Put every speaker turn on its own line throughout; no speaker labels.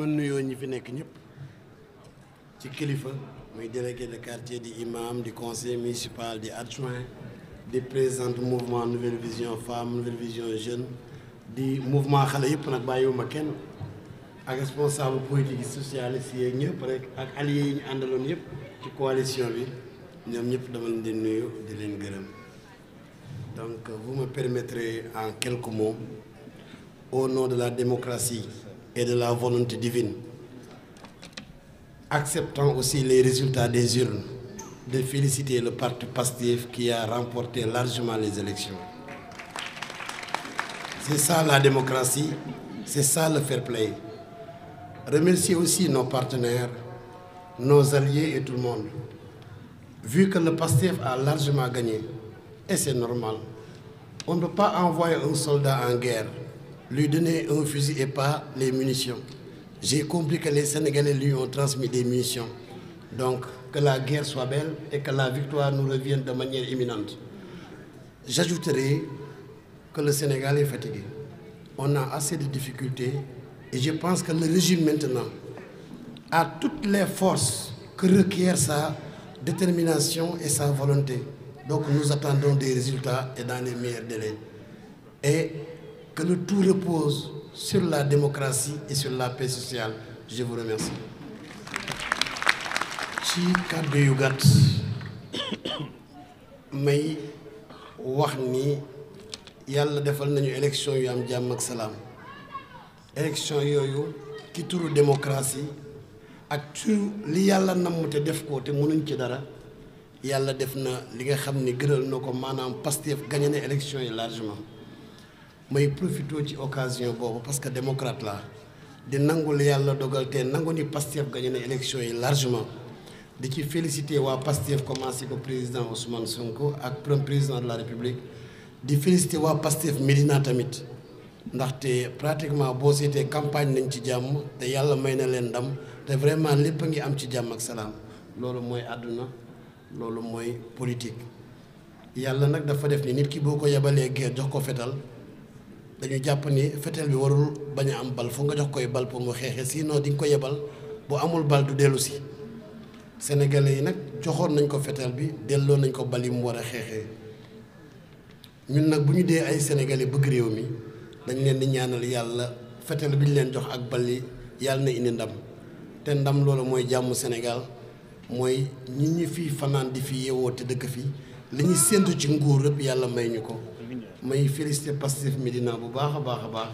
man nuyoo ñi fi nekk ñëpp ci kilifa muy délégué de quartier di imam di conseil municipal di adjoint di présidente mouvement nouvelle vision femme nouvelle vision jeune di mouvement xale yëpp nag bàyyiwuma kenn ak responsable politique yi socialiste yi ñëpp rek ak alliés yi ñu àndaloon yëpp ci coalition bi ñoom ñëpp dama leen di nuyu di leen gërëm donc vous me permettrez en quelques mots au nom de la démocratie et de la volonté divine, acceptant aussi les résultats des urnes, de féliciter le parti PASTEF qui a remporté largement les élections. C'est ça la démocratie, c'est ça le fair play. Remercier aussi nos partenaires, nos alliés et tout le monde. Vu que le PASTEF a largement gagné, et c'est normal, on ne peut pas envoyer un soldat en guerre lui donner un fusil et pas les munitions. J'ai compris que les Sénégalais lui ont transmis des munitions. Donc, que la guerre soit belle et que la victoire nous revienne de manière imminente. J'ajouterai que le Sénégal est fatigué. On a assez de difficultés et je pense que le régime maintenant à toutes les forces que requiert sa détermination et sa volonté. Donc nous attendons des résultats et dans les meilleurs de Et que le tout repose sur la démocratie et sur la paix sociale je vous remercie. ci kàddu yu gàtt may wax ni yàlla defal nañu élection yu am jàmm ak salaam élection yooyu ci turu démocratie ak turu li yàlla namm te def ko te mënuñ ci dara yàlla def na li nga xam ni gëral na ko maanaam Pastef gagné na élection yi largement. may profité ci occasion boobu parce que démocrate la di nangul yàlla dogal te nangu ni Pastef gagné ne élection yi largement di ci félicité waa Pastef commencé ko président Ousmane Sonko ak premier président de la République di félicité waa Pastef Médina tamit ndaxte pratiquement boo seetee campagne nañ ci jàmm te yàlla may na leen ndam te vraiment lépp a ngi am ci jàmm ak salaam loolu mooy àdduna loolu mooy politique yàlla nag dafa def ni nit ki boo ko yebalee guerre jox ko fetal dañu jàpp ni fetel bi warul bañ am bal foog nga jox koy bal pour mu xeexee sinon di nga ko yebal bu amul bal du dellu si sénégalais yi nag joxoon nañ ko fetel bi delloo nañ ko bal yi mu war a xeexee ñun nag bu ñu dee ay sénégalais bëgg réew mi dañ leen di ñaanal yàlla fetel bi ñu leen jox ak bal yi yàlla na indi ndam te ndam loolu mooy jàmm senegal mooy ñi ñi fii fanaan di fi yeewoo te dëkk fi li ñu séentu ci nguur yëpp yàlla may ñu ko may félicité Pastef Médina bu baax a baax a baax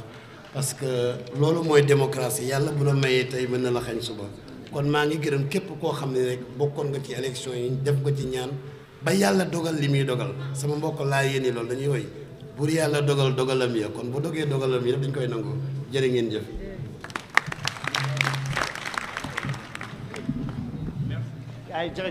parce que loolu mooy démocratie yàlla bu la mayee tey mën na la xañ suba kon maa ngi gërëm képp koo xam ne rek bokkoon nga ci élection yi def nga ci ñaan ba yàlla dogal li muy dogal sama mbokk laa yéene loolu dañuy woy bur yàlla dogal dogalam ya kon bu dogee dogalam ya dañ koy nangu jële ngeen jëf